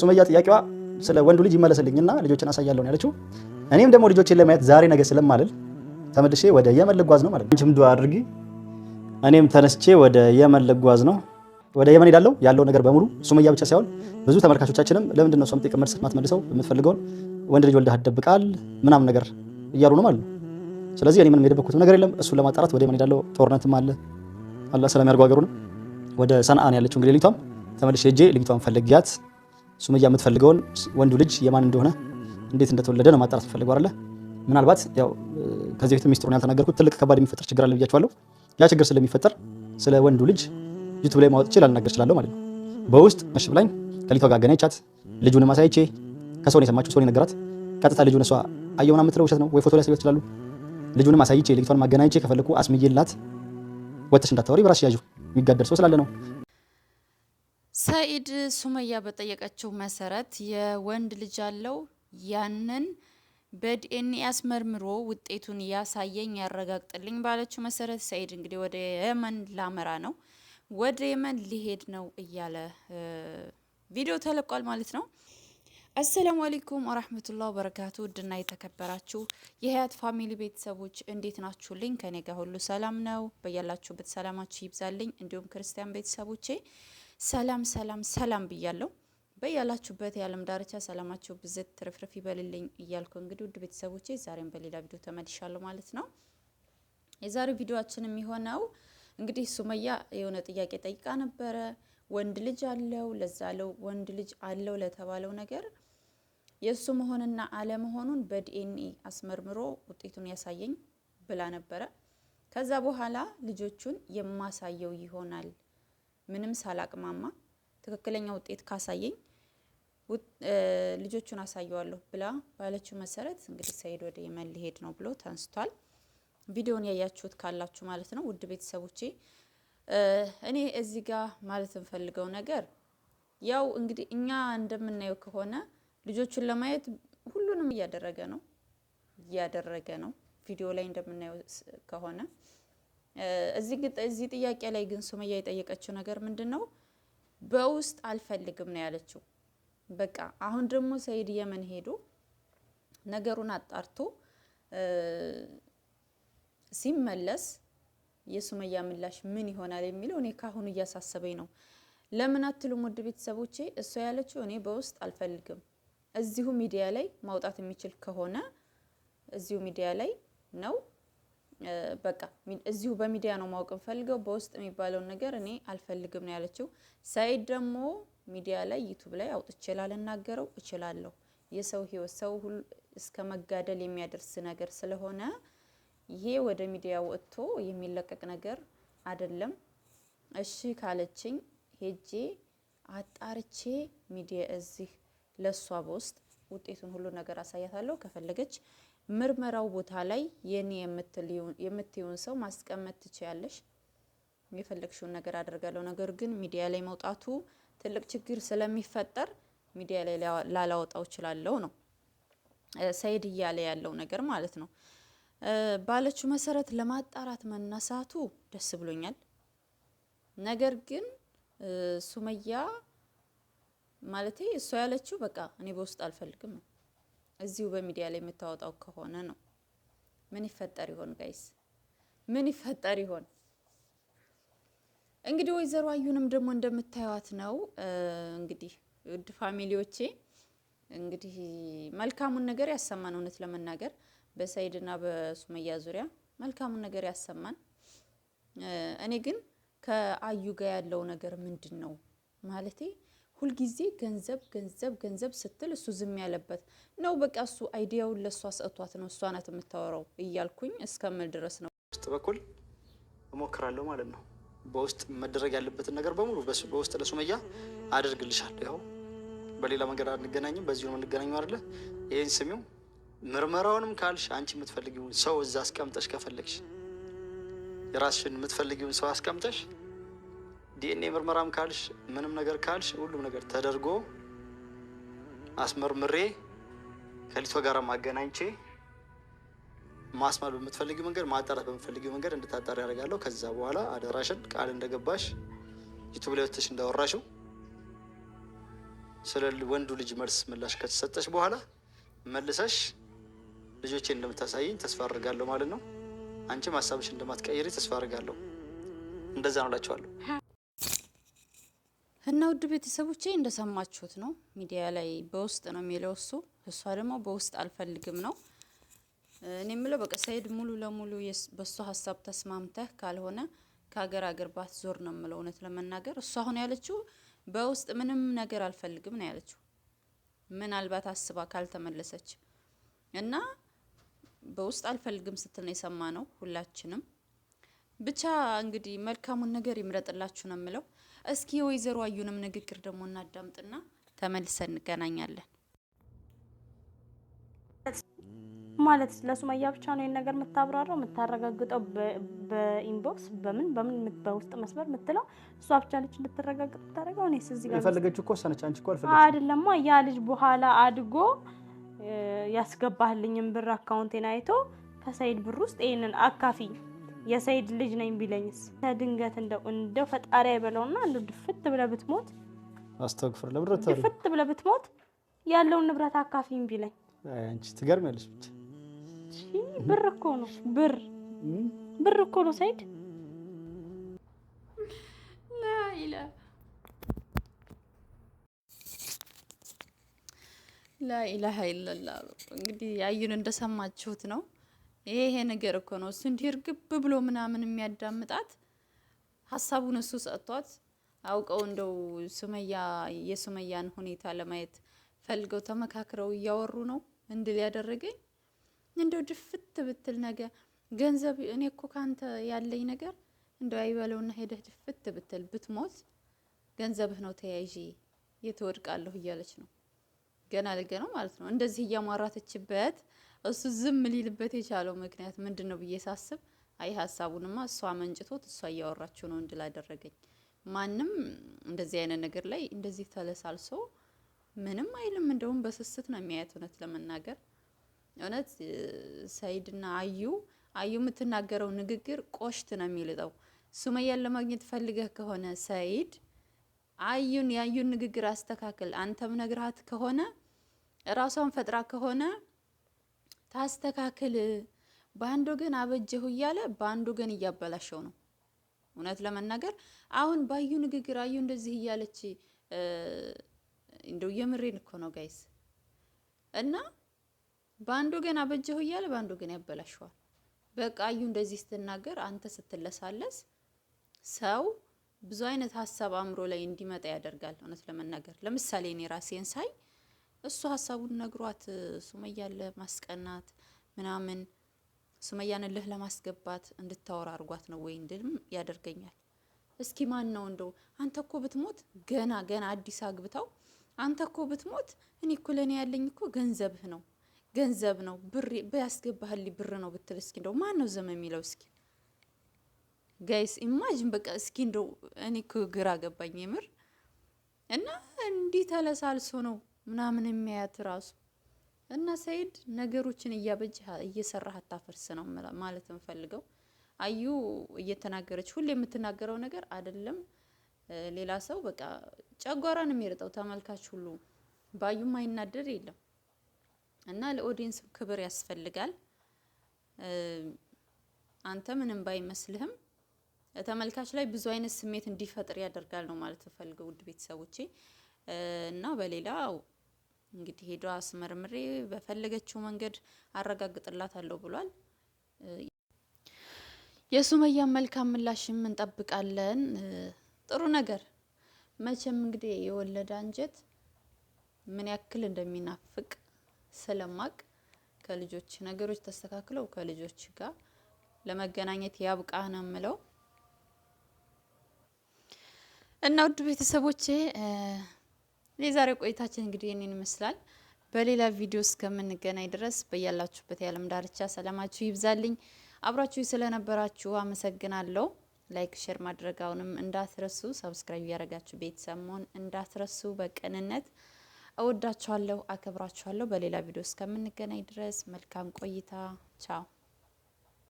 ሱመያ ጥያቄዋ ስለ ወንዱ ልጅ ይመለስልኝና ልጆችን አሳያለሁ ነው ያለችው። እኔም ደግሞ ልጆችን ለማየት ዛሬ ነገ ስለማልል ተመልሼ ወደ የመን ልጓዝ ነው ማለት ነው። አንቺም ዱዓ አድርጊ። እኔም ተነስቼ ወደ የመን ልጓዝ ነው። ወደ የመን ሄዳለሁ። ያለው ነገር በሙሉ ሱመያ ብቻ ሳይሆን ብዙ ተመልካቾቻችንም ለምንድን ነው እሷም ጥቅም መልስ ማትመልሰው የምትፈልገውን ወንድ ልጅ ወልደህ አትደብቃል ምናምን ነገር እያሉ ነው ማለት ነው። ስለዚህ እኔ ምንም የደበኩት ነገር የለም። እሱን ለማጣራት ወደ የመን ሄዳለሁ። ጦርነትም አለ። አላህ ሰላም ያርገው ሀገሩን። ወደ ሰንዓ ያለችው እንግዲህ ልጅቷም ተመልሼ ሄጄ ልጅቷን ፈልጊያት ሱመያ የምትፈልገውን ወንዱ ልጅ የማን እንደሆነ እንዴት እንደተወለደ ነው ማጣራት ፈልገው አይደለ? ምናልባት ያው ከዚህ በፊት ሚስጥሩን ያልተናገርኩት ትልቅ ከባድ የሚፈጠር ችግር አለ ብያችኋለሁ። ያ ችግር ስለሚፈጠር ስለ ወንዱ ልጅ ዩቱብ ላይ ማወጥ ይችላል ልናገር እችላለሁ ማለት ነው። በውስጥ እሺ ብላኝ ከሊቷ ጋር አገናኝቻት ልጁን ማሳይቼ ከሰው ነው የሰማችሁ፣ ሰው ነው የነገራት። ቀጥታ ልጁን እሷ አየውና የምትለው ውሸት ነው ወይ ፎቶ ላይ ሰው ይችላል። ልጁን ማሳይቼ ልጅቷን ማገናኘቼ ከፈለኩ አስምዬላት ወጥተሽ እንዳታወሪ በራስሽ ያዥው የሚጋደል ሰው ስላለ ነው ሰኢድ ሱመያ በጠየቀችው መሰረት የወንድ ልጅ አለው ያንን በዲኤንኤ አስመርምሮ ውጤቱን ያሳየኝ ያረጋግጥልኝ ባለችው መሰረት ሰኢድ እንግዲህ ወደ የመን ላመራ ነው፣ ወደ የመን ሊሄድ ነው እያለ ቪዲዮ ተለቋል ማለት ነው። አሰላሙ አሌይኩም ወራህመቱላሂ ወበረካቱ። ውድና የተከበራችሁ የሀያት ፋሚሊ ቤተሰቦች እንዴት ናችሁልኝ? ከኔ ጋር ሁሉ ሰላም ነው። በያላችሁበት ሰላማችሁ ይብዛልኝ። እንዲሁም ክርስቲያን ቤተሰቦቼ ሰላም ሰላም ሰላም ብያለሁ። በያላችሁበት የዓለም ዳርቻ ሰላማችሁ ብዝት ትርፍርፍ ይበልልኝ እያልኩ እንግዲህ ውድ ቤተሰቦቼ ዛሬም በሌላ ቪዲዮ ተመልሻለሁ ማለት ነው። የዛሬው ቪዲዮችን የሚሆነው እንግዲህ ሱመያ የሆነ ጥያቄ ጠይቃ ነበረ። ወንድ ልጅ አለው ለዛ ለው ወንድ ልጅ አለው ለተባለው ነገር የእሱ መሆንና አለመሆኑን በዲኤንኤ አስመርምሮ ውጤቱን ያሳየኝ ብላ ነበረ። ከዛ በኋላ ልጆቹን የማሳየው ይሆናል ምንም ሳላቅማማ ትክክለኛ ውጤት ካሳየኝ ልጆቹን አሳየዋለሁ ብላ ባለችው መሰረት እንግዲህ ሰይድ ወደ የመን ሊሄድ ነው ብሎ ተንስቷል። ቪዲዮን ያያችሁት ካላችሁ ማለት ነው ውድ ቤተሰቦቼ፣ እኔ እዚህ ጋር ማለት እንፈልገው ነገር ያው እንግዲህ እኛ እንደምናየው ከሆነ ልጆቹን ለማየት ሁሉንም እያደረገ ነው እያደረገ ነው ቪዲዮ ላይ እንደምናየው ከሆነ እዚህ ጥያቄ ላይ ግን ሱመያ የጠየቀችው ነገር ምንድን ነው? በውስጥ አልፈልግም ነው ያለችው። በቃ አሁን ደግሞ ሰይድ የመን ሄዱ ነገሩን አጣርቶ ሲመለስ የሱመያ ምላሽ ምን ይሆናል የሚለው እኔ ካሁኑ እያሳሰበኝ ነው። ለምን አትሉም? ውድ ቤተሰቦቼ እሷ ያለችው እኔ በውስጥ አልፈልግም፣ እዚሁ ሚዲያ ላይ ማውጣት የሚችል ከሆነ እዚሁ ሚዲያ ላይ ነው በቃ እዚሁ በሚዲያ ነው ማወቅ የምፈልገው፣ በውስጥ የሚባለውን ነገር እኔ አልፈልግም ነው ያለችው። ሰኢድ ደግሞ ሚዲያ ላይ ዩቱብ ላይ አውጥቼ ላልናገረው እችላለሁ። የሰው ህይወት ሰው ሁሉ እስከ መጋደል የሚያደርስ ነገር ስለሆነ ይሄ ወደ ሚዲያ ወጥቶ የሚለቀቅ ነገር አይደለም። እሺ ካለችኝ ሄጄ አጣርቼ ሚዲያ እዚህ ለእሷ በውስጥ ውጤቱን ሁሉ ነገር አሳያታለሁ ከፈለገች ምርመራው ቦታ ላይ የኔ የምትየውን ሰው ማስቀመጥ ትችያለሽ። የፈለግሽውን ነገር አደርጋለሁ። ነገር ግን ሚዲያ ላይ መውጣቱ ትልቅ ችግር ስለሚፈጠር ሚዲያ ላይ ላላወጣው እችላለሁ ነው ሰይድ እያለ ያለው ነገር ማለት ነው። ባለችው መሰረት ለማጣራት መነሳቱ ደስ ብሎኛል። ነገር ግን ሱመያ ማለቴ እሷ ያለችው በቃ እኔ በውስጥ አልፈልግም ነው እዚሁ በሚዲያ ላይ የምታወጣው ከሆነ ነው። ምን ይፈጠር ይሆን ጋይስ? ምን ይፈጠር ይሆን? እንግዲህ ወይዘሮ አዩንም ደግሞ እንደምታዩት ነው። እንግዲህ ውድ ፋሚሊዎቼ እንግዲህ መልካሙን ነገር ያሰማን። እውነት ለመናገር በሰይድና በሱመያ ዙሪያ መልካሙን ነገር ያሰማን። እኔ ግን ከአዩ ጋር ያለው ነገር ምንድን ነው ማለቴ ሁልጊዜ ገንዘብ ገንዘብ ገንዘብ ስትል እሱ ዝም ያለበት ነው። በቃ እሱ አይዲያውን ለእሷ ሰጥቷት ነው እሷ ናት የምታወራው እያልኩኝ እስከምል ድረስ ነው። ውስጥ በኩል እሞክራለሁ ማለት ነው። በውስጥ መደረግ ያለበትን ነገር በሙሉ በውስጥ ለሱመያ አደርግልሻለሁ። ያው በሌላ መንገድ አንገናኝም፣ በዚሁ ነው የምንገናኘው አይደለ? ይህን ስሚው። ምርመራውንም ካልሽ አንቺ የምትፈልጊውን ሰው እዛ አስቀምጠሽ ከፈለግሽ የራስሽን የምትፈልጊውን ሰው አስቀምጠሽ ዲኤንኤ ምርመራም ካልሽ ምንም ነገር ካልሽ ሁሉም ነገር ተደርጎ አስመርምሬ ከልጅቷ ጋር ማገናኝቼ ማስማል በምትፈልጊ መንገድ ማጣራት በምትፈልጊ መንገድ እንድታጣሪ ያደርጋለሁ። ከዛ በኋላ አደራሽን ቃል እንደገባሽ ዩቱብ ላይ ወጥተሽ እንዳወራሽው ስለ ወንዱ ልጅ መልስ ምላሽ ከተሰጠሽ በኋላ መልሰሽ ልጆቼ እንደምታሳይኝ ተስፋ አድርጋለሁ ማለት ነው። አንቺም ሀሳብሽ እንደማትቀይሪ ተስፋ አድርጋለሁ። እንደዛ ነው እላቸዋለሁ። እና ውድ ቤተሰቦቼ እንደሰማችሁት ነው። ሚዲያ ላይ በውስጥ ነው የሚለው እሱ፣ እሷ ደግሞ በውስጥ አልፈልግም ነው። እኔ የምለው በቃ ሰኢድ ሙሉ ለሙሉ በእሱ ሀሳብ ተስማምተህ ካልሆነ ከሀገር ሀገር ባት ዞር ነው የምለው እውነት ለመናገር። እሷ አሁን ያለችው በውስጥ ምንም ነገር አልፈልግም ነው ያለችው፣ ምናልባት አስባ ካልተመለሰች እና በውስጥ አልፈልግም ስትል ነው የሰማ ነው ሁላችንም። ብቻ እንግዲህ መልካሙን ነገር ይምረጥላችሁ ነው የምለው እስኪ ወይዘሮ አዩንም ንግግር ደግሞ እናዳምጥና ተመልሰን እንገናኛለን። ማለት ለሱመያ ብቻ ነው ይህን ነገር የምታብራራው የምታረጋግጠው፣ በኢንቦክስ በምን በምን በውስጥ መስመር የምትለው እሷ ብቻ ልጅ እንድትረጋግጥ ታደረገው። እኔስ እዚህ ጋር የፈለገች እኮ ሰነች። አንቺ እኮ አልፈለግሽ አይደለማ። ያ ልጅ በኋላ አድጎ ያስገባህልኝም ብር አካውንቴን አይቶ ከሰይድ ብር ውስጥ ይህንን አካፊኝ የሰይድ ልጅ ነኝ ቢለኝስ? ድንገት እንደው እንደው ፈጣሪ አይበለውና እንደው ድፍት ብለህ ብትሞት አስተግፍር ለብረት ድፍት ብለህ ብትሞት ያለውን ንብረት አካፊኝ ቢለኝ? አንቺ ትገርሚያለሽ። ብቻ ብር እኮ ነው ብር ብር እኮ ነው ሰይድ። ላኢላሀ ኢለላ። እንግዲህ ያዩን እንደሰማችሁት ነው። ይሄ ነገር እኮ ነው እሱ እንዲህ እርግብ ብሎ ምናምን የሚያዳምጣት ሀሳቡን እሱ ሰጥቷት አውቀው እንደው ሱመያ የሱመያን ሁኔታ ለማየት ፈልገው ተመካክረው እያወሩ ነው እንድል ያደረገኝ እንደው ድፍት ብትል ነገ ገንዘብ እኔ እኮ ካንተ ያለኝ ነገር እንደው አይበለውና ሄደህ ድፍት ብትል ብትሞት ገንዘብህ ነው ተያይዤ የትወድቃለሁ እያለች ነው። ገና ለገ ነው ማለት ነው እንደዚህ እያሟራተችበት እሱ ዝም ሊልበት የቻለው ምክንያት ምንድን ነው ብዬ ሳስብ፣ አይ ሀሳቡንማ እሷ መንጭቶት እሷ እያወራችው ነው እንድል አደረገኝ። ማንም እንደዚህ አይነት ነገር ላይ እንደዚህ ተለሳልሶ ምንም አይልም። እንደውም በስስት ነው የሚያየት። እውነት ለመናገር እውነት ሰይድና አዩ አዩ የምትናገረው ንግግር ቆሽት ነው የሚልጠው። ሱመያን ለማግኘት ፈልገህ ከሆነ ሰይድ አዩን የአዩን ንግግር አስተካክል። አንተም ነግርሃት ከሆነ ራሷን ፈጥራ ከሆነ ታስተካክል። በአንድ ወገን አበጀሁ እያለ በአንድ ወገን እያበላሸው ነው። እውነት ለመናገር አሁን ባዩ ንግግር አዩ እንደዚህ እያለች እንደው የምሬን እኮ ነው ጋይስ። እና በአንድ ወገን አበጀሁ እያለ በአንድ ወገን ያበላሸዋል። በቃ አዩ እንደዚህ ስትናገር፣ አንተ ስትለሳለስ ሰው ብዙ አይነት ሀሳብ አእምሮ ላይ እንዲመጣ ያደርጋል። እውነት ለመናገር ለምሳሌ እኔ ራሴን ሳይ እሱ ሀሳቡን ነግሯት ሱመያን ለማስቀናት ምናምን ሱመያን እልህ ለማስገባት እንድታወራ አድርጓት ነው ወይ እንድልም ያደርገኛል። እስኪ ማን ነው እንደው አንተ እኮ ብትሞት ገና ገና አዲስ አግብታው አንተ እኮ ብትሞት እኔ እኮ ለእኔ ያለኝ እኮ ገንዘብህ ነው ገንዘብ ነው ብር ያስገባህል ብር ነው ብትል እስኪ እንደው ማን ነው ዘመ የሚለው እስኪ ጋይስ ኢማጅን በቃ እስኪ እንደው እኔ እኮ ግራ ገባኝ የምር እና እንዲህ ተለሳልሶ ነው ምናምን የሚያያት ራሱ እና ሰይድ ነገሮችን እያበጅ እየሰራህ አታፈርስ ነው ማለት ፈልገው አዩ እየተናገረች ሁሌ የምትናገረው ነገር አይደለም ሌላ ሰው በቃ ጨጓራን የሚርጠው ተመልካች ሁሉ ባዩ ማይናደድ የለም። እና ለኦዲየንስ ክብር ያስፈልጋል። አንተ ምንም ባይመስልህም ተመልካች ላይ ብዙ አይነት ስሜት እንዲፈጥር ያደርጋል ነው ማለት ፈልገው ውድ ቤተሰቦቼ እና በሌላው እንግዲህ ሄዷ አስመርምሬ በፈለገችው መንገድ አረጋግጥላታለሁ ብሏል። የሱመያ መልካም ምላሽም እንጠብቃለን። ጥሩ ነገር መቼም እንግዲህ የወለደ አንጀት ምን ያክል እንደሚናፍቅ ስለማቅ ከልጆች ነገሮች ተስተካክለው ከልጆች ጋር ለመገናኘት ያብቃ ነው የምለው እና ውድ ቤተሰቦቼ የዛሬው ቆይታችን እንግዲህ ይህንን ይመስላል። በሌላ ቪዲዮ እስከምንገናኝ ድረስ በያላችሁበት የዓለም ዳርቻ ሰላማችሁ ይብዛልኝ። አብራችሁ ስለነበራችሁ አመሰግናለሁ። ላይክ፣ ሼር ማድረግ አሁንም እንዳትረሱ፣ ሰብስክራይብ ያደረጋችሁ ቤተሰብ መሆን እንዳትረሱ። በቅንነት እወዳችኋለሁ፣ አከብራችኋለሁ። በሌላ ቪዲዮ እስከምንገናኝ ድረስ መልካም ቆይታ። ቻው